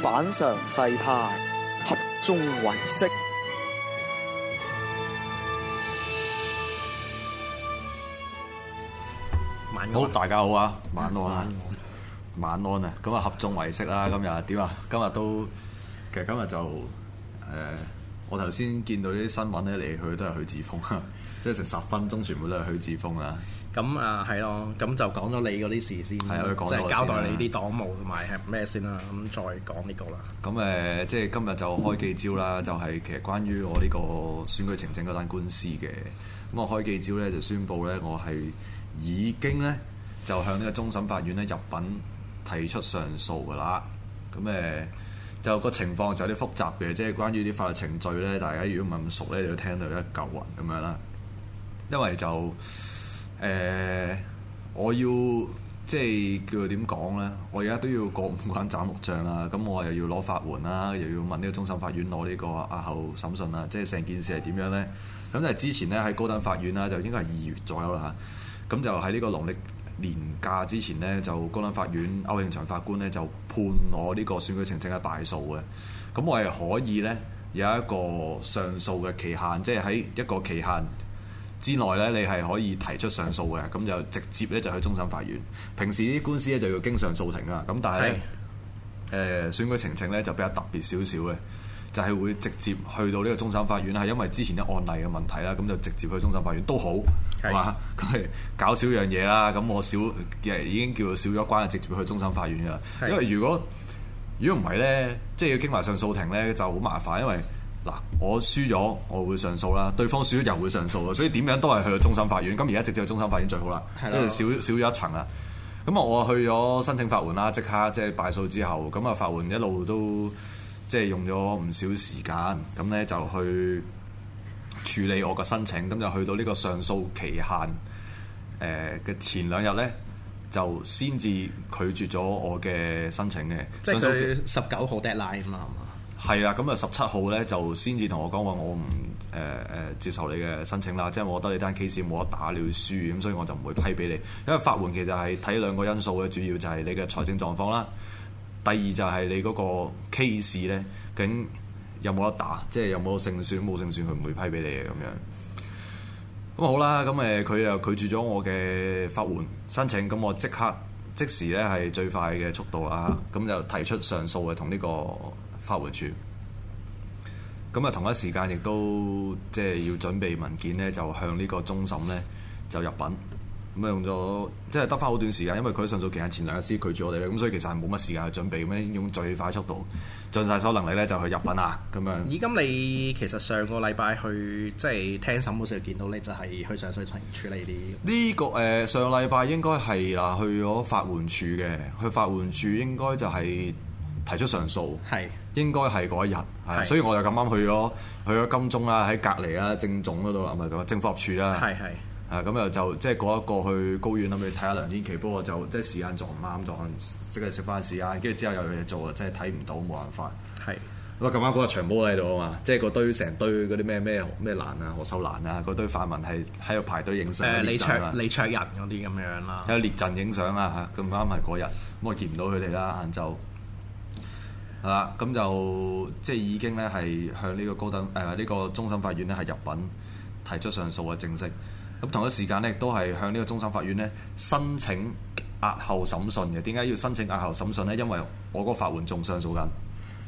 反常世態，合眾為色。晚安。好，大家好啊，晚安。晚安，晚安啊！咁啊，合眾唯識啦。今日點啊？今日都，其實今日就誒。呃我頭先見到啲新聞咧嚟去都係許智峯，即係成十分鐘全部都係許智峯、嗯、啊！咁啊，係咯，咁就講咗你嗰啲事先，即係交代你啲黨務同埋係咩先啦，咁再講呢個啦。咁誒、呃，即係今日就開記招啦，就係、是、其實關於我呢個選舉呈請嗰單官司嘅。咁我開記招咧就宣佈咧，我係已經咧就向呢個終審法院咧入禀提出上訴噶啦。咁誒。呃就個情況就有啲複雜嘅，即係關於啲法律程序咧，大家如果唔係咁熟咧，就聽到一嚿雲咁樣啦。因為就誒、呃，我要即係叫做點講咧，我而家都要過五關斬六將啦。咁我又要攞法援啦，又要問呢個終審法院攞呢個押後審訊啦。即係成件事係點樣咧？咁就之前咧喺高等法院啦，就應該係二月左右啦嚇。咁就喺呢個農曆年假之前呢，就高等法院歐慶祥法官呢，就判我呢個選舉呈請嘅敗訴嘅，咁我係可以呢，有一個上訴嘅期限，即係喺一個期限之內呢，你係可以提出上訴嘅，咁就直接呢，就去終審法院。平時啲官司呢，就要經上訴庭啊，咁但係呢，誒的、呃、選舉呈請呢，就比較特別少少嘅。就係會直接去到呢個終審法院，係因為之前啲案例嘅問題啦，咁就直接去終審法院都好，係嘛是的、啊？佢搞少樣嘢啦，咁我少已經叫少咗關，直接去終審法院噶。是的 因為如果如果唔係呢，即係要經埋上訴庭呢就好麻煩，因為嗱我輸咗，我會上訴啦；對方輸咗又會上訴啊。所以點樣都係去到終審法院。咁而家直接去終審法院最好啦，即係少少咗一層啊。咁啊，我去咗申請法援啦，即刻即係敗訴之後，咁啊法援一路都。即係用咗唔少時間，咁咧就去處理我個申請，咁就去到呢個上訴期限誒嘅、呃、前兩日咧，就先至拒絕咗我嘅申請嘅。即係十九號 deadline 啊嘛，係啊，咁啊十七號咧就先至同我講話，我唔誒誒接受你嘅申請啦。即係我覺得你單 K 線冇得打，了會輸，咁所以我就唔會批俾你。因為法援其實係睇兩個因素嘅，主要就係你嘅財政狀況啦。第二就係你嗰個 case 咧，究竟有冇得打？即係有冇勝算？冇勝算，佢唔會批俾你嘅咁樣。咁好啦，咁誒佢又拒絕咗我嘅法援申請，咁我即刻即時咧係最快嘅速度啊。咁就提出上訴啊，同呢個法援處。咁啊，同一時間亦都即係、就是、要準備文件呢，就向呢個終審呢就入稟。咁用咗即係得翻好短時間，因為佢喺上訴期間前兩日先拒絕我哋咧，咁所以其實係冇乜時間去準備，咁樣用最快速度盡晒所能力咧就去入稟啊咁樣。咦，咁你其實上個禮拜去即係聽審嗰時見到咧，就係去上訴庭處理啲呢、呢個誒、呃、上禮拜應該係，嗱去咗法援署嘅，去法援署應該就係提出上訴，係是應該係嗰一日，係是是所以我就咁啱去咗去咗金鐘啦，喺隔離啊政總嗰度啊，唔係咁啊政府合署啦，係係是。是誒咁、啊、又就即係過一過去高院啦，咪睇下梁天琦，不過就即係時間撞唔啱，撞識嘅食翻時間，跟住之後又有嘢做啊，即係睇唔到，冇辦法。係是，哇、啊！咁啱嗰個場波喺度啊嘛，即係個堆成堆嗰啲咩咩咩蘭啊，何秀蘭啊，嗰堆泛民係喺度排隊影相。誒、呃，李卓、啊、李卓人嗰啲咁樣啦、啊，喺列陣影相啊嚇，咁啱係嗰日，咁、嗯、我見唔到佢哋啦。晏晝係啦，咁、啊、就即係已經咧係向呢個高等誒呢、啊呢個終審法院咧係入禀提出上訴嘅正式。咁同一時間呢，亦都係向呢個中審法院呢，申請押後審訊嘅。點解要申請押後審訊呢？因為我個法援仲上訴緊，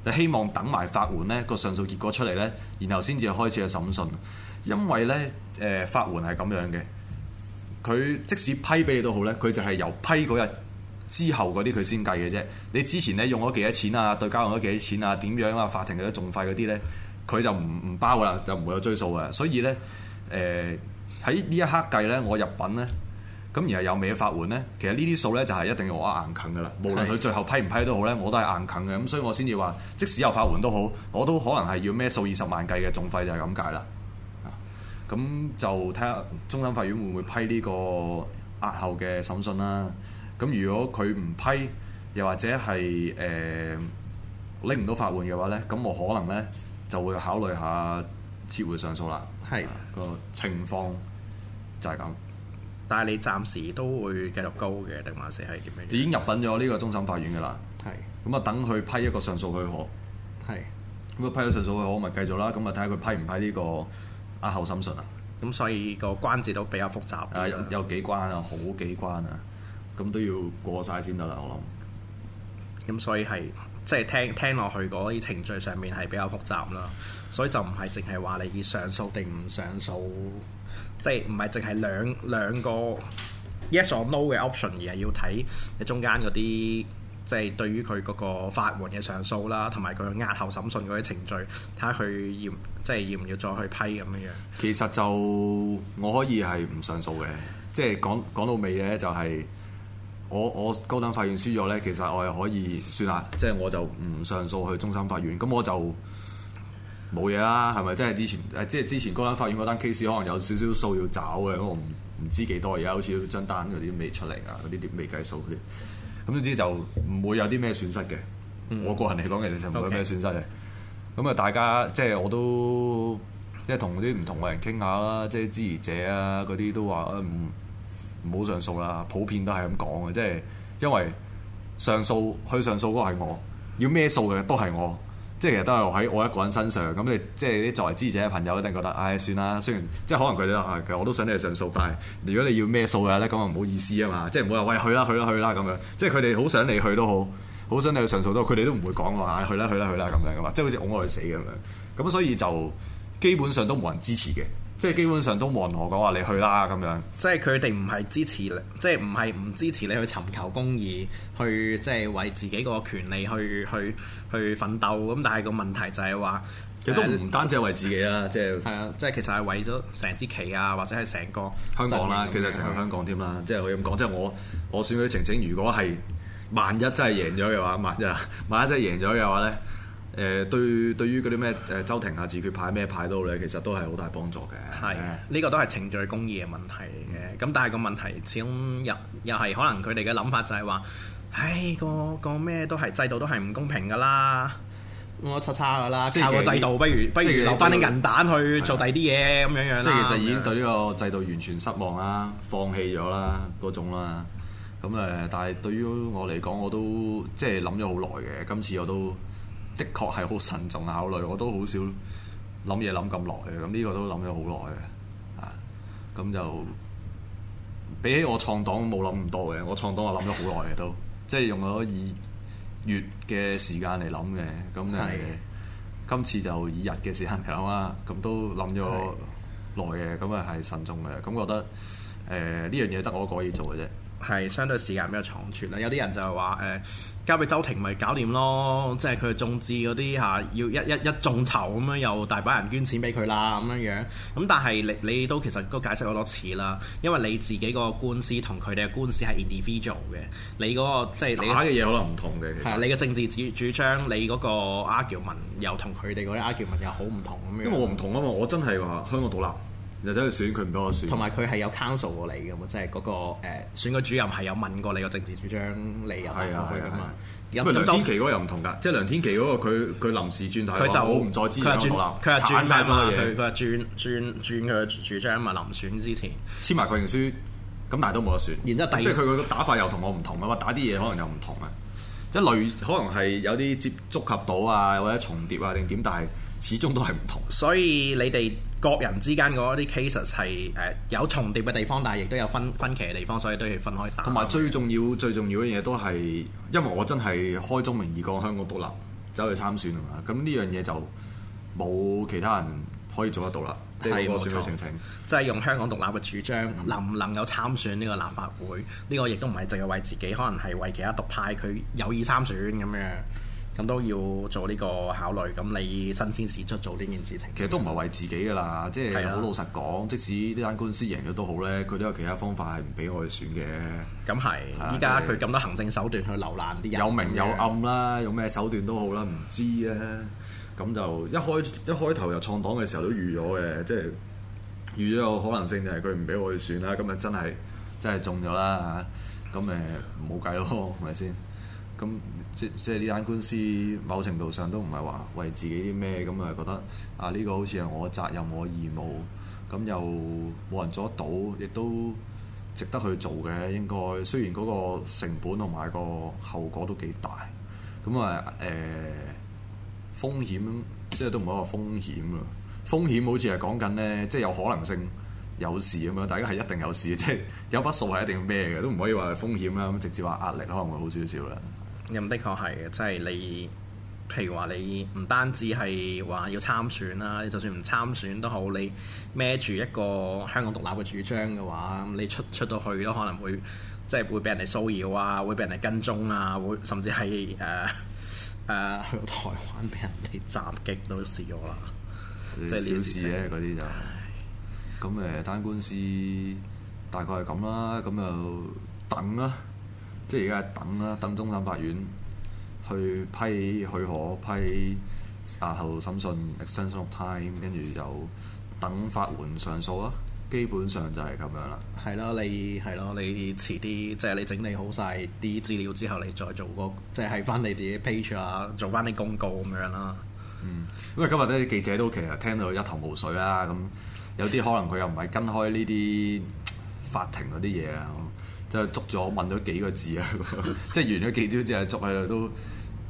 就希望等埋法援呢個上訴結果出嚟呢，然後先至開始去審訊。因為呢，誒、呃，法援係咁樣嘅，佢即使批俾你都好呢，佢就係由批嗰日之後嗰啲佢先計嘅啫。你之前呢，用咗幾多錢啊？對交用咗幾多錢啊？點樣啊？法庭嘅仲快嗰啲呢，佢就唔唔包啦，就唔會有追訴嘅。所以呢。誒、呃。喺呢一刻計呢，我入稟呢，咁然後有未嘅法援呢，其實呢啲數呢，就係一定要我硬啃噶啦。是的 無論佢最後批唔批都好呢，我都係硬啃嘅。咁所以我先至話，即使有法援都好，我都可能係要咩數二十萬計嘅訟費就係咁解啦。咁就睇下終審法院會唔會批呢個押後嘅審訊啦。咁如果佢唔批，又或者係誒拎唔到法援嘅話呢，咁我可能呢，就會考慮下撤回上訴啦。係個是的 情況。就係咁，但係你暫時都會繼續高嘅，定還是係點樣？已經入稟咗呢個終審法院嘅啦。係的。咁啊，等佢批一個上訴佢好。係的。咁佢批咗上訴佢好，咪繼續啦。咁啊，睇下佢批唔批呢個押後審訊啊。咁所以個關節都比較複雜。誒，有有幾關啊？好幾關啊！咁都要過晒先得啦，我諗。咁所以係，即係聽聽落去嗰啲程序上面係比較複雜啦。所以就唔係淨係話你以上訴定唔上訴。即係唔係淨係兩兩個 yes or no 嘅 option，而係要睇你中間嗰啲，即係對於佢嗰個法援嘅上訴啦，同埋佢押後審訊嗰啲程序，睇下佢要即係要唔要再去批咁樣樣。其實就我可以係唔上訴嘅，即係講講到尾咧，就是，就係我我高等法院輸咗咧，其實我係可以算下，即係我就唔上訴去終審法院，咁我就。冇嘢啦，係咪？真係之前誒，即係之前高等法院嗰單 case 可能有少少數要找嘅，我唔唔知幾多，而家好似張單嗰啲未出嚟啊，嗰啲未計數嗰啲，咁之就唔會有啲咩損失嘅。嗯，我個人嚟講，其實就冇咩損失嘅。咁 okay. 啊，大家即係我都即係同啲唔同嘅人傾下啦，即係支持者啊嗰啲都話啊唔唔好上訴啦，普遍都係咁講嘅，即係因為上訴去上訴嗰個係我，要咩數嘅都係我。即係其實都係喺我，我一個人身上，咁你即係啲作為支持者嘅朋友一定覺得，唉、哎，算啦，雖然即係可能佢哋話，其實我都想你去上訴，但係如果你要咩數嘅咧，咁啊唔好意思啊嘛，即係唔好話喂去啦去啦去啦咁樣，即係佢哋好想你去都好，好想你去上訴都好，佢哋都唔會講話唉，去啦去啦去啦咁樣噶嘛，即係好似㧬我去死咁樣，咁所以就基本上都冇人支持嘅。即係基本上都冇人同我講話你去啦咁樣。即係佢哋唔係支持，即係唔係唔支持你去尋求公義，去即係為自己個權利去去去奮鬥。咁但係個問題就係話，其實都唔單止係為自己啦，即係。係啊，即係其實係為咗成支旗啊，或者係成個香港啦，其實成個香港添啦，的即係可以咁講。即係我我選舉呈請，如果係萬一真係贏咗嘅話，萬一萬一真係贏咗嘅話咧。誒對對於嗰啲咩誒周庭啊、自決派咩派都咧，其實都係好大幫助嘅。係呢是的個都係程序公義嘅問題嚟嘅。咁、嗯、但係個問題始終又又係可能佢哋嘅諗法就係話，唉個個咩都係制度都係唔公平噶啦，我叉叉噶啦。即是靠個制度，是不如不如留翻啲銀彈去做第二啲嘢咁樣樣。即係其實已經對呢個制度完全失望啦，放棄咗啦嗰種啦。咁誒，但係對於我嚟講，我都即係諗咗好耐嘅。今次我都。的確係好慎重考慮，我都好少諗嘢諗咁耐嘅，咁、這、呢個都諗咗好耐嘅，啊，咁就比起我創黨冇諗咁多嘅，我創黨我諗咗好耐嘅都，即係用咗以月嘅時間嚟諗嘅，咁係，的今次就以日嘅時間嚟諗啦，咁都諗咗耐嘅，咁啊係慎重嘅，咁覺得誒呢、呃、樣嘢得我可以做嘅。啫。係相對時間比較倉促啦，有啲人就係話誒，交俾周庭咪搞掂咯，即係佢眾志嗰啲嚇，要一一一眾籌咁樣，又大把人捐錢俾佢啦咁樣樣。咁但係你你都其實都解釋好多次啦，因為你自己個官司同佢哋嘅官司係 individual 嘅，你嗰、嗰個即係打嘅嘢可能唔同嘅。的你嘅政治主主張，你嗰個 argument 又, arg 又同佢哋嗰啲 argument 又好唔同咁樣。因為我唔同啊嘛，我真係話香港獨立。你真係選佢唔俾我選，同埋佢係有，有 consult 過你嘅即係嗰個誒、呃、選舉主任係有問過你個政治主張理由入去㗎嘛？啊、梁天琦嗰個又唔同㗎，即係梁天琦嗰個佢佢臨時轉頭，佢就唔再支持港佢係轉曬查所有嘢，佢係轉轉轉佢嘅主張嘛，咪、臨選之前簽埋確認書，咁但係都冇得選。然之後第二，即係佢個打法又我同我唔同啊嘛，打啲嘢可能又唔同啊，一類可能係有啲接觸及到啊，或者重疊啊，定點，但係。始終都係唔同，所以你哋各人之間嗰啲 case 係誒有重疊嘅地方，但係亦都有分分歧嘅地方，所以都要分開打。同埋最重要最重要嘅嘢都係，因為我真係開宗明義講香港獨立走去參選啊嘛，咁呢樣嘢就冇其他人可以做得到啦，即係是個事事情，即係用香港獨立嘅主張，嗯、能唔能夠參選呢個立法會？呢、呢個亦都唔係淨係為自己，可能係為其他獨派佢有意參選咁樣。咁都要做呢個考慮，咁你新鮮事出做呢件事情，其實都唔係為自己噶啦，即係好老實講，即使呢單官司贏咗都好咧，佢都有其他方法係唔俾我去選嘅。咁係是，依家佢咁多行政手段去留難啲人，有明有暗啦，用咩手段都好啦，唔知咧、啊。咁就一開一開頭又創黨嘅時候都預咗嘅，即係預咗有可能性就係佢唔俾我去選啦。咁啊真係真係中咗啦嚇，咁誒冇計咯，係咪先？咁即即係呢單官司，某程度上都唔係話為自己咩咁，係覺得啊呢個好似係我責任，我義務咁又冇人做得到，亦都值得去做嘅。應該雖然嗰個成本同埋個後果都幾大，咁啊誒風險即係都唔係個風險啊。風險好似係講緊呢，即係有可能性有事咁樣，大家係一定有事，即係有筆數係一定要咩嘅，都唔可以話係風險啦。咁直接話壓力可能會好少少啦。咁的確係嘅，即係你，譬如話你唔單止係話要參選啦，就算唔參選都好，你孭住一個香港獨立嘅主張嘅話，嗯、你出出到去都可能會即係會俾人哋騷擾啊，會俾人哋跟蹤啊，會甚至係誒誒去台灣俾人哋襲擊都試咗啦。即係小事咧、啊，嗰啲就咁誒，唉，單官司大概係咁啦，咁就等啦。即係而家係等啦，等中審法院去批許可批、批、啊、額後審訊、extension of time，跟住就等法援上訴啦。基本上就係咁樣啦。係咯，你係咯，你遲啲即係你整理好晒啲資料之後，你再做個即係喺翻你哋啲 page 啊，做翻啲公告咁樣啦。嗯，因為今日啲記者都其實聽到一頭霧水啦，咁有啲可能佢又唔係跟開呢啲法庭嗰啲嘢啊。就捉咗，我問咗幾個字啊！即係完咗記招之後，捉佢都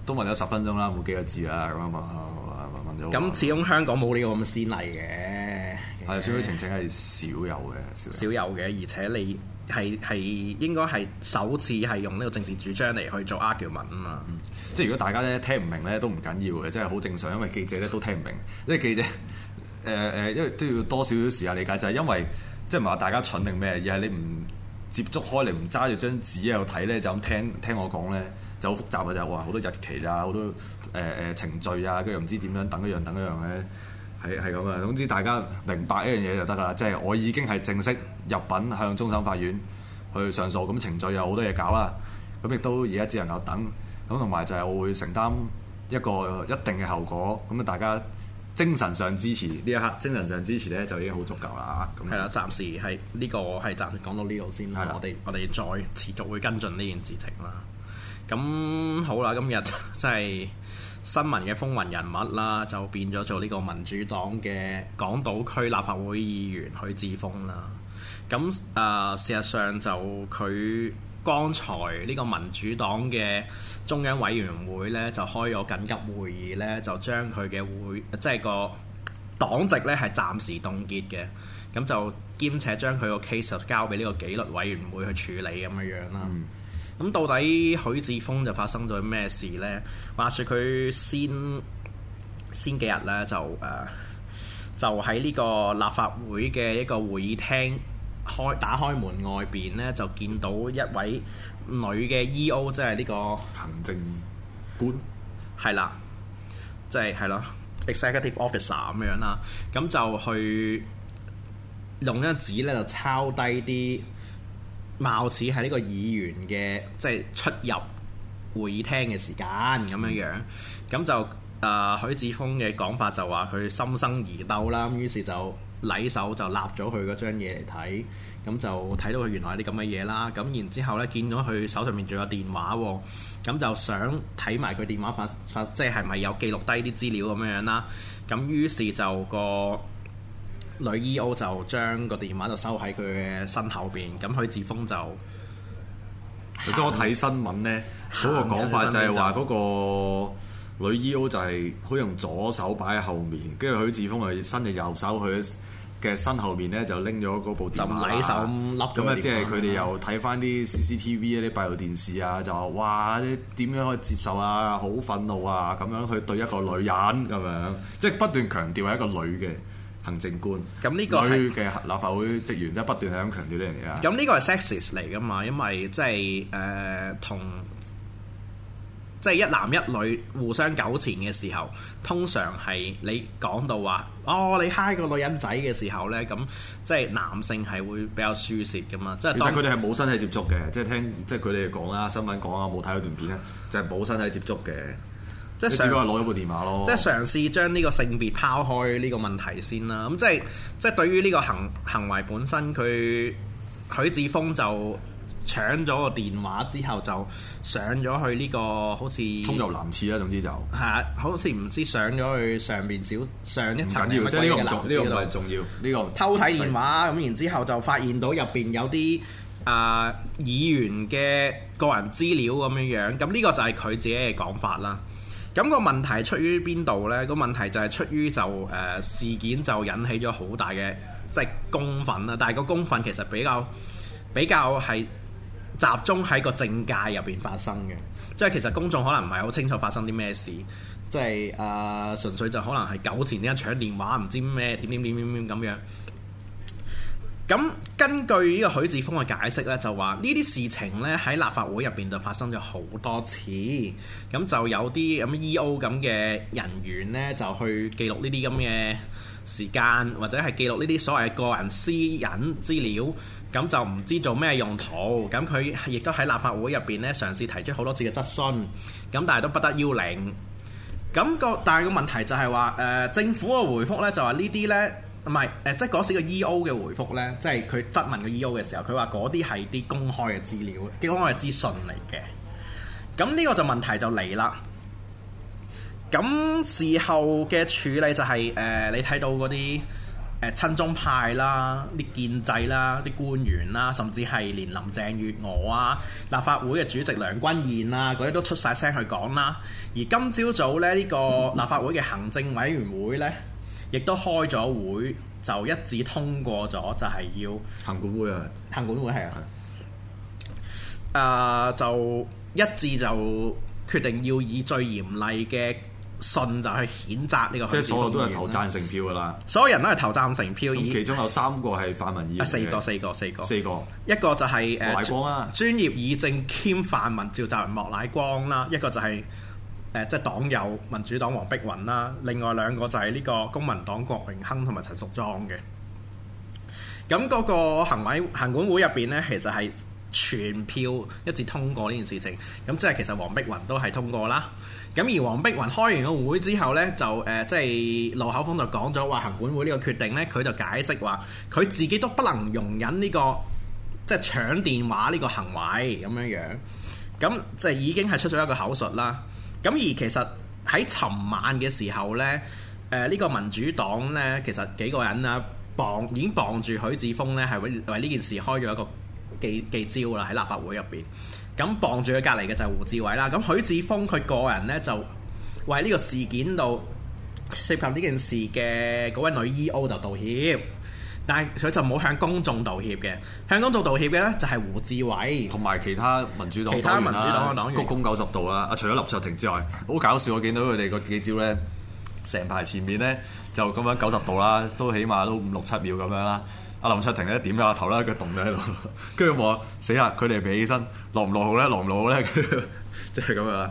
都問咗十分鐘啦，冇幾個字啊！咁樣,樣,樣,樣,樣問。咁始終香港冇呢個咁先例嘅。係，小崔情情係少有嘅。少有嘅，而且你係係應該係首次係用呢個政治主張嚟去做 argument 啊嘛！即係如果大家咧聽唔明咧都唔緊要嘅，即係好正常，因為記者咧都聽唔明。因為記者誒誒、呃，因為都要多少少時間理解，就係因為即係唔係話大家蠢定咩？而係你唔。接觸開嚟唔揸住張紙喺度睇呢，就咁聽聽我講呢，就好複雜嘅就話好多日期啊，好多誒誒、呃呃、程序啊，跟住唔知點樣等一樣等一樣嘅，係係咁嘅。總之大家明白一樣嘢就得啦，即係我已經係正式入稟向終審法院去上訴，咁程序有好多嘢搞啦，咁亦都而家只能夠等，咁同埋就係我會承擔一個一定嘅後果，咁啊大家。精神上支持呢一刻，精神上支持咧就已經好足夠啦嚇。係啦，暫時係呢、這個係暫時講到呢度先，係的我哋我哋再持續會跟進呢件事情啦。咁好啦，今日即係新聞嘅風雲人物啦，就變咗做呢個民主黨嘅港島區立法會議員許智峯啦。咁啊、呃，事實上就佢。剛才呢個民主黨嘅中央委員會呢，就開咗緊急會議呢就將佢嘅會即係個黨籍呢，係暫時凍結嘅，咁就兼且將佢個 case 交俾呢個紀律委員會去處理咁樣樣啦。咁、嗯、到底許智峯就發生咗咩事呢？話說佢先先幾日呢，就誒、呃、就喺呢個立法會嘅一個會議廳。開打開門外邊咧，就見到一位女嘅 E.O. 即係呢個行政官。係啦，即係係咯，Executive Officer 咁樣啦，咁就去用張紙咧就抄低啲，貌似係呢個議員嘅即係出入會議廳嘅時間咁樣樣，咁就誒、呃、許智峯嘅講法就話佢心生疑竇啦，咁於是就，禮手就立咗佢嗰張嘢嚟睇，咁就睇到佢原來係啲咁嘅嘢啦。咁然之後呢，見到佢手上面仲有電話，咁就想睇埋佢電話發發，即係係咪有記錄低啲資料咁樣樣啦。咁於是就個女 E O 就將個電話就收喺佢嘅身後邊，咁許智峯就其實我睇新聞呢，嗰個講法就係話嗰個女 E O 就係佢用左手擺喺後面，跟住許智峯係伸隻右手去。嘅身後邊咧就拎咗嗰部手笠。咁啊，即係佢哋又睇翻啲 CCTV 啲閉路電視啊，就話哇你點樣可以接受啊？好憤怒啊！咁樣去對一個女人咁樣，即係、嗯、不斷強調係一個女嘅行政官。咁呢個女嘅立法會職員都不斷係咁強調呢樣嘢啊。咁呢個係 sexist 嚟噶嘛？因為即係誒同。即係一男一女互相糾纏嘅時候，通常係你講到話哦，你嗨個女人仔嘅時候呢，咁即係男性係會比較輸蝕㗎嘛。即係其實佢哋係冇身體接觸嘅，即係聽即係佢哋講啦，新聞講啊，冇睇嗰段片啊，就係冇身體接觸嘅。即係只不過攞咗部電話咯。即係嘗試將呢個性別拋開呢個問題先啦。咁即係即係對於呢個行行為本身，佢許智峯就。搶咗個電話之後，就上咗去呢、這個好似沖入男廁啦。總之就係好似唔知上咗去上邊小上一層要，即呢個唔重，呢個唔係重要。呢個，個、這個、偷睇電話咁，然之後就發現到入邊有啲啊、呃、議員嘅個人資料咁樣樣。咁呢個就係佢自己嘅講法啦。咁、那個問題出於邊度呢？那個問題就係出於就誒、呃、事件就引起咗好大嘅即係公憤啦。但係個公憤其實比較比較係。集中喺個政界入邊發生嘅，即係其實公眾可能唔係好清楚發生啲咩事，即係誒、呃、純粹就可能係久前啲一搶電話唔知咩點點點點點咁樣。咁根據呢個許智峯嘅解釋呢，就話呢啲事情呢喺立法會入邊就發生咗好多次，咁就有啲咁 EO 咁嘅人員呢，就去記錄呢啲咁嘅。時間或者係記錄呢啲所謂個人私隱資料，咁就唔知做咩用途。咁佢亦都喺立法會入邊呢，嘗試提出好多次嘅質詢，咁但係都不得要領。咁、個但係個問題就係話，誒、呃、政府嘅回覆呢，就話呢啲呢，唔係誒，即係嗰時嘅 E.O. 嘅回覆呢，即係佢質問嘅 E.O. 嘅時候，佢話嗰啲係啲公開嘅資料，公開嘅資訊嚟嘅。咁呢個就問題就嚟啦。咁事後嘅處理就係、是、誒、呃，你睇到嗰啲誒親中派啦、啲建制啦、啲官員啦，甚至係連林鄭月娥啊、立法會嘅主席梁君彥啊嗰啲都出晒聲去講啦。而今朝早咧，呢、呢個立法會嘅行政委員會咧，亦都開咗會，就一致通過咗，就係要行管會啊，行管會係啊，誒、呃、就一致就決定要以最嚴厲嘅。信就去譴責呢個，即係所有都係投贊成票噶啦，所有人都係投贊成票，而其中有三個係泛民議員嘅，四個四個四個四個、就是啊，一個就係、是、誒，莫乃光專業議政兼泛民召集人莫乃光啦，一個就係誒，即係黨友民主黨黃碧雲啦，另外兩個就係呢個公民黨郭榮鏗同埋陳淑莊嘅。咁、那、嗰個行委行管會入邊咧，其實係。全票一致通過呢件事情，咁即係其實黃碧雲都係通過啦。咁而黃碧雲開完個會之後呢，就誒、呃、即係路口峯就講咗話，行管會呢個決定呢，佢就解釋話，佢自己都不能容忍呢、這個即係搶電話呢個行為咁樣樣。咁即係已經係出咗一個口述啦。咁而其實喺尋晚嘅時候呢，誒、呃、呢、這個民主黨呢，其實幾個人啊綁已經綁住許智峯呢，係為為呢件事開咗一個。幾幾招啦喺立法會入邊，咁傍住佢隔離嘅就係胡志偉啦。咁許智峯佢個人咧就為呢個事件度涉及呢件事嘅嗰位女 E.O. 就道歉，但係佢就冇向公眾道歉嘅。向公眾道歉嘅咧就係胡志偉同埋其，啊、其他民主黨黨員啦、啊，鞠躬九十度啦。啊，除咗林卓廷之外，好搞笑，我見到佢哋個幾招咧，成排前面咧就咁樣九十度啦，都起碼都五六七秒咁樣啦、啊。阿林卓廷咧點個頭啦，腳動咗喺度，跟住話：死啦！ 佢哋比起身落唔落號咧，落唔落號咧、 呃，即係咁樣啦。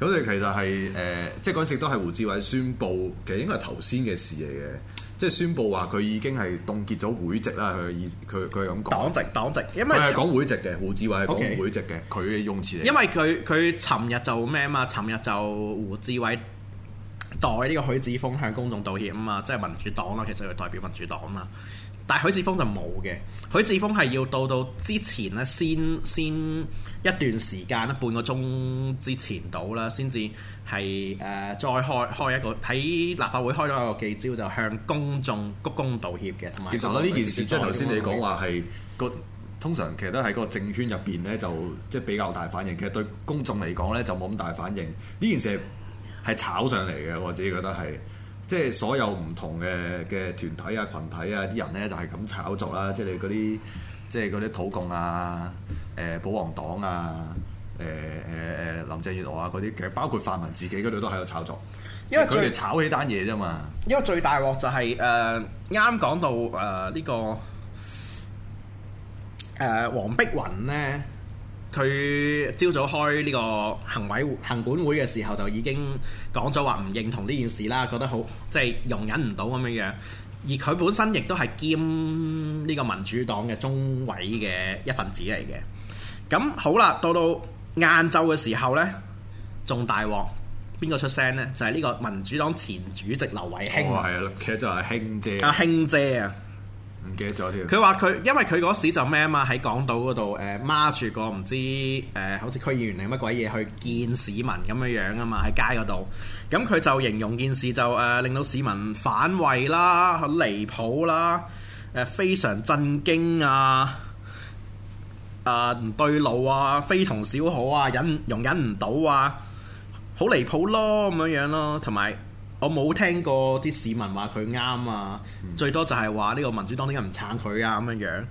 咁你其實係誒，即係嗰陣時都係胡志偉宣布，其實應該係頭先嘅事嚟嘅，即係宣布話佢已經係凍結咗會籍啦。佢以佢佢咁講。黨籍黨籍，因為講會籍嘅胡志偉講會籍嘅，佢嘅 Okay, 用詞。因為佢佢尋日就咩啊嘛？尋日就胡志偉代呢個許智峯向公眾道歉啊嘛！即係民主黨啦，其實佢代表民主黨啊嘛。但係許智峯就冇嘅，許智峯係要到到之前咧，先先一段時間啦，半個鐘之前到啦，先至係誒再開開一個喺立法會開咗一個記招，就向公眾鞠躬道歉嘅。同埋其實呢件事即係頭先你講話係個通常其實都喺個政圈入邊咧就即係、就係、比較大反應，其實對公眾嚟講咧就冇咁大反應。呢件事係係炒上嚟嘅，我自己覺得係。即係所有唔同嘅嘅團體啊、群體啊啲人咧，就係咁炒作啦！即係嗰啲即係嗰啲土共啊、誒保皇黨啊、誒誒誒林鄭月娥啊嗰啲，其實包括泛民自己嗰度都喺度炒作，因為佢哋炒起單嘢啫嘛。因為最大鑊就係誒啱講到誒呢、呃呢個誒黃、呃、碧雲咧。佢朝早開呢個行委行管會嘅時候，就已經講咗話唔認同呢件事啦，覺得好即係容忍唔到咁樣樣。而佢本身亦都係兼呢個民主黨嘅中委嘅一份子嚟嘅。咁好啦，到到晏晝嘅時候呢，仲大鑊，邊個出聲呢？就係、是、呢個民主黨前主席劉慧卿。哦，係啊，其實就係卿姐。啊，卿姐啊！唔記得咗添。佢話佢因為佢嗰時就咩啊嘛，喺港島嗰度誒孖住個唔知誒、呃，好似區議員定乜鬼嘢去見市民咁樣樣啊嘛，喺街嗰度。咁佢就形容件事就誒、呃，令到市民反胃啦、好離譜啦、誒、呃、非常震驚啊、啊、呃、唔對路啊、非同小可啊、忍容忍唔到啊，好離譜咯咁樣樣咯，同埋。我冇聽過啲市民話佢啱啊，嗯、最多就係話呢個民主黨點解唔撐佢啊咁樣，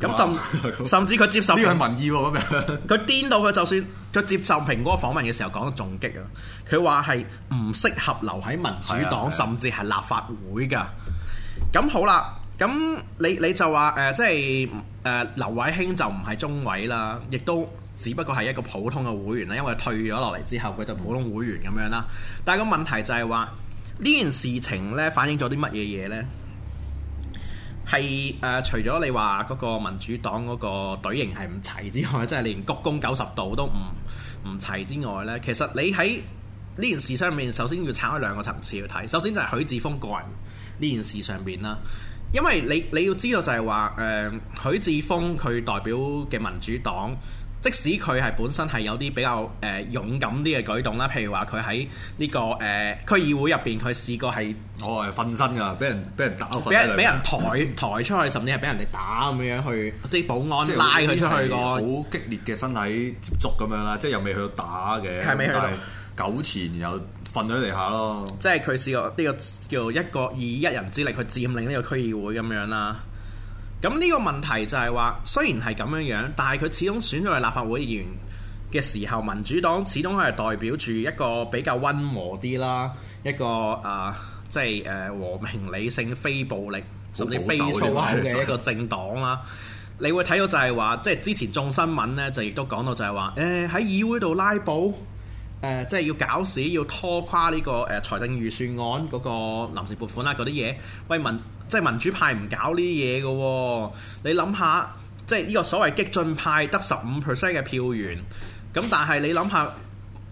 咁甚甚至佢接受呢樣民意喎咁樣，佢顛 到佢就算佢接受蘋果訪問嘅時候講得仲激啊，佢話係唔適合留喺民主黨，啊啊、甚至係立法會噶。咁好啦，咁你你就話誒、呃，即係誒、呃、劉慧卿就唔係中委啦，亦都只不過係一個普通嘅會員啦，因為退咗落嚟之後，佢就普通會員咁樣啦。但係個問題就係話。呢件事情咧，反映咗啲乜嘢嘢呢？係誒、呃，除咗你話嗰個民主黨嗰個隊形係唔齊之外，即係連鞠躬九十度都唔唔齊之外呢，其實你喺呢件事上面，首先要拆開兩個層次去睇。首先就係許智峯個人呢件事上邊啦，因為你你要知道就係話誒，許智峯佢代表嘅民主黨。即使佢係本身係有啲比較誒勇敢啲嘅舉動啦，譬如話佢喺呢個誒、呃、區議會入邊，佢試過係我係瞓身㗎，俾人俾人打，俾俾人，人抬 抬出去，甚至係俾人哋打咁樣，去啲保安拉佢出去，個好激烈嘅身體接觸咁樣啦，即係又未去到打嘅，去到但係糾纏又瞓咗地下咯。即係佢試過呢、呢個叫一個以一人之力去佔領呢個區議會咁樣啦。咁呢個問題就係話，雖然係咁樣樣，但係佢始終選咗做立法會議員嘅時候，民主黨始終係代表住一個比較温和啲啦，一個誒、呃，即係誒、呃、和平理性、非暴力甚至非粗口嘅一個政黨啦。你會睇到就係話， 即係之前眾新聞呢，就亦都講到就係話，誒喺議會度拉布。誒、呃，即係要搞事，要拖垮呢、這個誒、呃、財政預算案嗰個臨時撥款啦、啊，嗰啲嘢。喂民，即係民主派唔搞呢啲嘢嘅喎。你諗下，即係呢個所謂激進派得十五 percent 嘅票源，咁但係你諗下。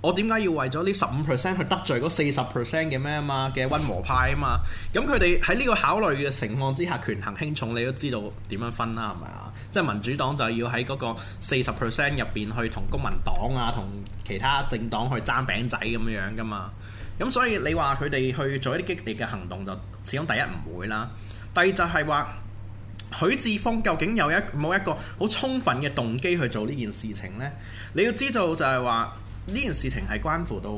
我點解要為咗呢十五 percent 去得罪嗰四十 percent 嘅咩啊？嘛嘅溫和派啊嘛，咁佢哋喺呢個考慮嘅情況之下，權衡輕重，你都知道點樣分啦，係咪啊？即係、就是、民主黨就要喺嗰個四十 percent 入邊去同公民黨啊，同其他政黨去爭餅仔咁樣噶嘛。咁所以你話佢哋去做一啲激烈嘅行動，就始終第一唔會啦。第二就係話許智峯究竟有一冇一個好充分嘅動機去做呢件事情呢？你要知道就係話。呢件事情係關乎到誒，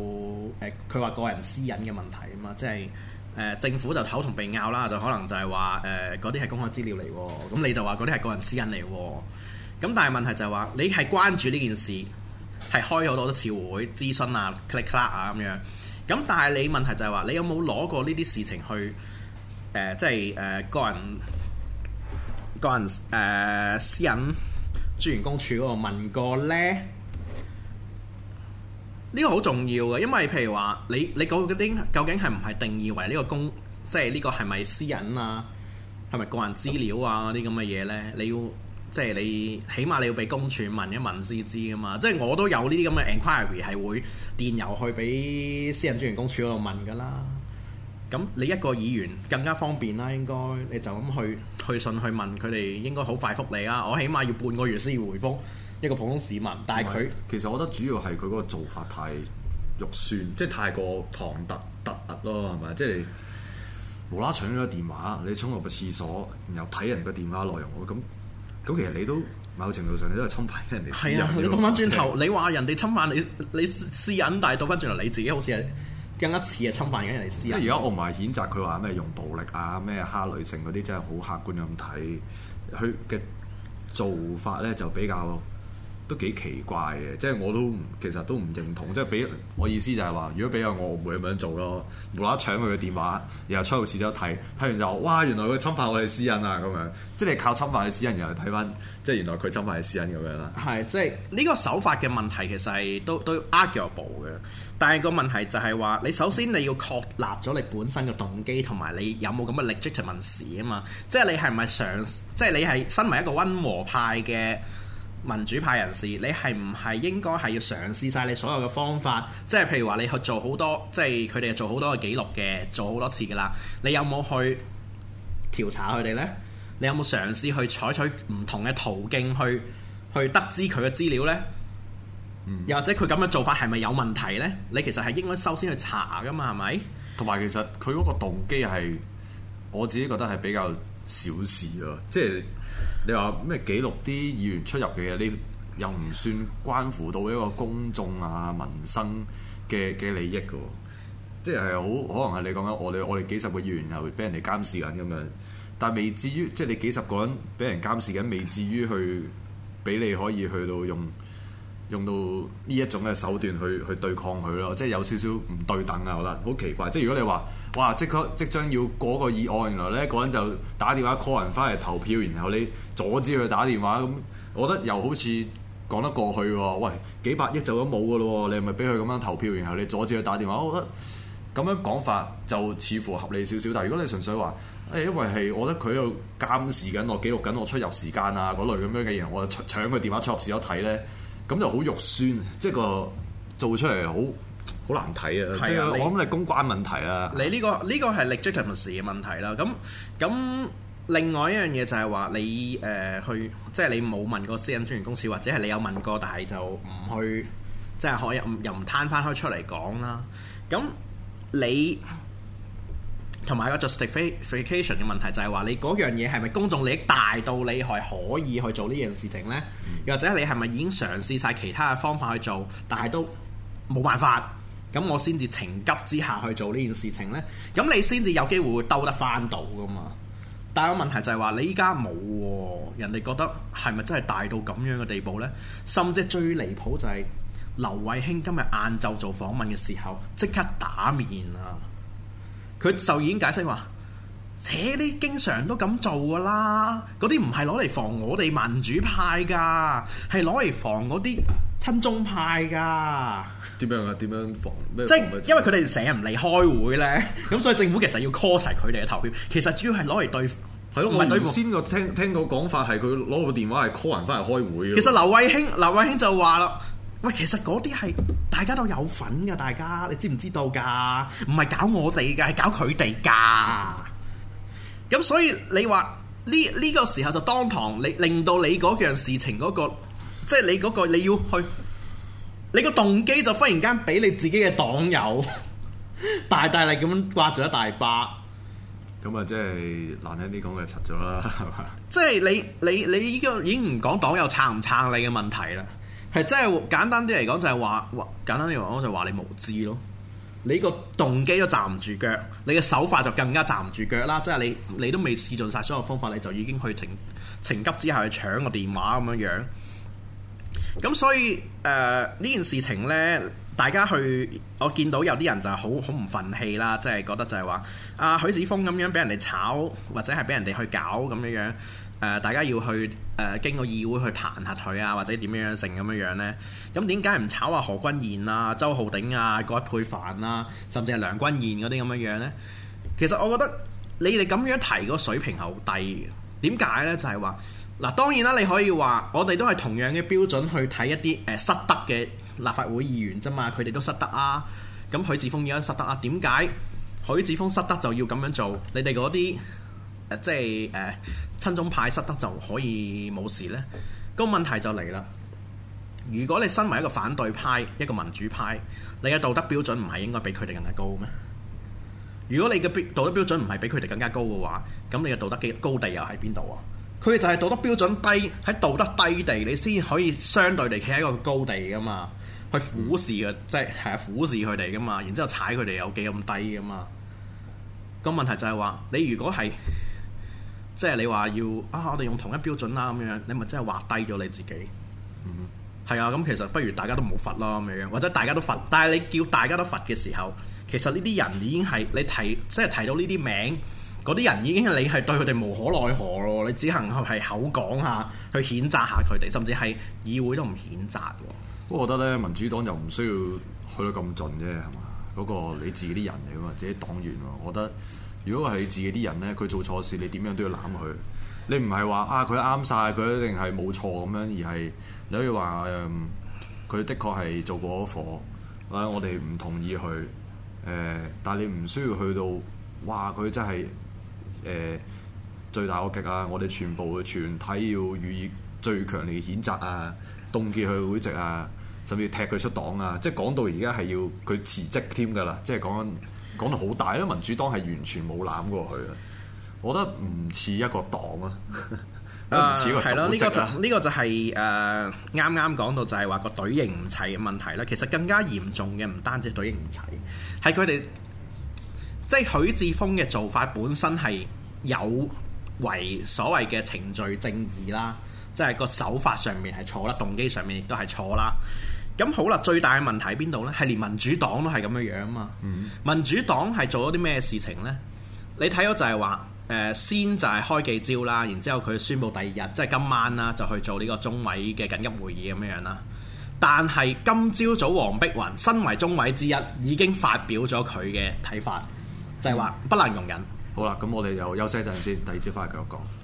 佢、呃、話個人私隱嘅問題啊嘛，即係、呃、政府就口同鼻拗啦，就可能就係話誒嗰啲係公開資料嚟喎、哦，咁、嗯、你就話嗰啲係個人私隱嚟喎。咁、嗯、但係問題就係話你係關注呢件事，係開好多次會、諮詢啊、click-clack 啊咁樣。咁但係你問題就係話你有冇攞過呢啲事情去、呃、即係誒、呃、個人、個人、呃、私隱專員公署嗰度問過呢？呢個好重要嘅，因為譬如話，你你嗰啲究竟係唔係定義為呢個公，即係呢個係咪私隱啊，係咪個人資料啊嗰啲咁嘅嘢呢？你要即係你起碼你要俾公署問一問先知啊嘛。即係我都有呢啲咁嘅 enquiry 係會電郵去俾私隱專員公署嗰度問㗎啦。咁、嗯、你一個議員更加方便啦，應該你就咁去去信去問佢哋，應該好快覆你啦。我起碼要半個月先要回覆。一個普通市民，但係佢其實，我覺得主要係佢嗰個做法太肉酸，即係太過唐突突突兀咯，係咪？即係無啦啦，搶咗個電話，你衝入個廁所，然後睇人個電話內容，咁咁其實你都某程度上你都係侵犯人哋私隱。係啊的，你講翻轉頭，即係、你話人哋侵犯你，你私隱，但係倒翻轉頭你自己好似係更加似係侵犯緊人哋私隱。咁而家我唔係譴責佢話咩用暴力啊，咩嚇女性嗰啲，真係好客觀咁睇佢嘅做法咧，就比較，都幾奇怪嘅，即係我都其實都唔認同，即係俾我意思就係話，如果俾我，我唔會咁樣做咯。無啦啦搶佢嘅電話，然後出去視窗睇，睇完就哇，原來佢侵犯我哋私隱啊，咁樣即係靠侵犯佢私隱，又嚟睇翻，即係原來佢侵犯佢私隱咁樣啦。係，即係呢個手法嘅問題，其實係都都 arguable 嘅。但係個問題就係話，你首先你要確立咗你本身嘅動機，同埋你有冇咁嘅 legitimacy 啊嘛？即係你係咪想？即係你係身為一個溫和派嘅民主派人士，你係唔係應該係要嘗試晒你所有嘅方法？即係譬如話，你去做好多，即係佢哋做好多嘅記錄嘅，做好多次㗎喇。你有冇去調查佢哋呢？你有冇嘗試去採取唔同嘅途徑去去得知佢嘅資料呢？又、嗯、或者佢咁嘅做法係咪有問題呢？你其實係應該首先去查㗎嘛，係咪？同埋其實佢嗰個動機係我自己覺得係比較。小事啊，即係你話咩記錄啲議員出入嘅嘢，你又唔算關乎到一個公眾啊民生嘅嘅利益嘅，啊，即係好可能係你講緊我哋我哋幾十個議員又俾人哋監視緊咁樣，但係未至於即係你幾十個人俾人監視緊，未至於去俾你可以去到用用到呢一種嘅手段去去對抗佢咯，即係有少少唔對等啊，我覺得好奇怪。即係如果你話，哇！即刻即將要嗰個議案，原來呢嗰陣就打電話 call 人翻嚟投票，然後你阻止佢打電話。咁我覺得又好似講得過去喎。喂，幾百億就都冇㗎咯喎！你係咪俾佢咁樣投票，然後你阻止佢打電話？我覺得咁樣講法就似乎合理少少。但係如果你純粹話誒、欸，因為係我覺得佢喺度監視緊我、記錄緊我出入時間啊嗰類咁樣嘅嘢，我搶搶佢電話、出入視一睇呢，咁就好肉酸。即係個做出嚟好。好難睇啊！即係是你我諗，你公關問題啊。你呢、呢個呢、呢個係 legitimacy 嘅問題啦。咁咁、嗯、另外一樣嘢就係話你誒、呃、去，即係你冇問過私人專員公司，或者係你有問過，但係就唔去即係可以又唔攤翻開出嚟講啦。咁你同埋個 justification 嘅問題就係話你嗰樣嘢係咪公眾利益大到你係可以去做呢樣事情呢？又、嗯、或者你係咪已經嘗試晒其他嘅方法去做，但係都冇辦法？咁我先至情急之下去做呢件事情呢。咁你先至有機會會兜得翻到噶嘛？但係個問題就係話，你依家冇喎，人哋覺得係咪真係大到咁樣嘅地步呢？甚至最離譜就係劉慧卿今日晏晝做訪問嘅時候，即刻打面啊！佢就已經解釋話：，扯你經常都咁做噶啦，嗰啲唔係攞嚟防我哋民主派噶，係攞嚟防嗰啲。親中派㗎點樣啊？點樣防咩？即係、就是、因為佢哋成日唔嚟開會咧，咁 所以政府其實要 call 齊佢哋嘅投票。其實主要係攞嚟對付，係咯的？對付我先個聽聽個講法係佢攞部電話係 call 人翻嚟開會。 其實劉慧卿，劉慧卿就話啦，喂，其實嗰啲係大家都有份㗎，大家你知唔知道㗎？唔係搞我哋㗎，係搞佢哋㗎。咁 所以你話呢呢個時候就當堂你令到你嗰樣事情嗰、那個。即係你嗰個你要去，你個動機就忽然間俾你自己嘅黨友大大力咁刮咗一大巴，咁啊，即係難聽啲講嘅，柒咗啦，係嘛？即係你你你依個已經唔講黨友撐唔撐你嘅問題啦，係真係簡單啲嚟講就係話話簡單啲嚟講就話你無知咯。你個動機都站唔住腳，你嘅手法就更加站唔住腳啦。即係你你都未試盡晒所有方法，你就已經去情情急之下去搶個電話咁樣樣。咁所以誒呢、呃、件事情呢，大家去我見到有啲人就係好好唔憤氣啦，即係覺得就係話阿許智峯咁樣俾人哋炒，或者係俾人哋去搞咁樣樣、呃、大家要去誒、呃、經過議會去彈劾佢啊，或者點樣樣成咁樣樣呢？咁點解唔炒阿何君彥啊、周浩鼎啊、葛珮帆啊，甚至係梁君彥嗰啲咁樣樣呢？其實我覺得你哋咁樣提個水平係好低嘅，點解呢？就係、是、話。嗱，當然啦，你可以話我哋都係同樣嘅標準去睇一啲誒、呃、失德嘅立法會議員啫嘛，佢哋都失德啊，咁許智峯已經都失德啊，點解許智峯失德就要咁樣做？你哋嗰啲即係誒、呃、親中派失德就可以冇事呢？個問題就嚟啦！如果你身為一個反對派、一個民主派，你嘅道德標準唔係應該比佢哋更加高咩？如果你嘅道德標準唔係比佢哋更加高嘅話，咁你嘅道德嘅高地又喺邊度啊？佢哋就係道德標準低，喺道德低地，你先可以相對地企喺一個高地噶嘛，去俯視嘅，即係係俯視佢哋噶嘛，然之後踩佢哋有幾咁低噶嘛。個問題就係話，你如果係即係你話要啊，我哋用同一標準啦咁樣，你咪真係畫低咗你自己。嗯，係啊，咁其實不如大家都唔好罰啦咁樣，或者大家都罰。但係你叫大家都罰嘅時候，其實呢啲人已經係你提，即係提到呢啲名。嗰啲人已經，你係對佢哋無可奈何咯，你只能係口講下去譴責下佢哋，甚至係議會都唔譴責。不過我覺得咧，民主黨又唔需要去到咁盡啫，係嘛？嗰、嗰個你自己啲人嚟㗎嘛，自己黨員。我覺得如果係你自己啲人咧，佢做錯事，你點樣都要攬佢。你唔係話啊，佢啱晒，佢一定係冇錯咁樣，而係你可以話誒，佢、嗯、的確係做過火，誒、啊，我哋唔同意佢。誒、呃，但係你唔需要去到，哇！佢真係～誒最大惡極啊！我哋全部嘅全體要予以最強烈譴責啊，凍結佢會籍啊，甚至踢佢出黨啊！即係講到而家係要佢辭職添㗎啦！即係講講到好大啦，民主黨係完全冇攬過佢啊！我覺得唔似一個黨啊，唔似 一個組織啦。係咯、啊 uh，呢、這個這個就呢個就係誒啱啱講到就係話個隊形唔齊嘅問題啦。其實更加嚴重嘅唔單止隊形唔齊，係佢哋。即係許智峯嘅做法本身係有違所謂嘅程序正義啦，即係個手法上面係錯啦，啦動機上面亦都係錯啦。咁好啦，最大嘅問題喺邊度呢？係連民主黨都係咁樣樣啊嘛。嗯、民主黨係做咗啲咩事情呢？你睇到就係話誒，先就係開記招啦，然之後佢宣布第二日即係今晚啦，就去做呢個中委嘅緊急會議咁樣樣啦。但係今朝早，早，黃碧雲身為中委之一，已經發表咗佢嘅睇法。就係話不難容忍。好啦，咁我哋又休息一陣先，第二節翻嚟繼續講。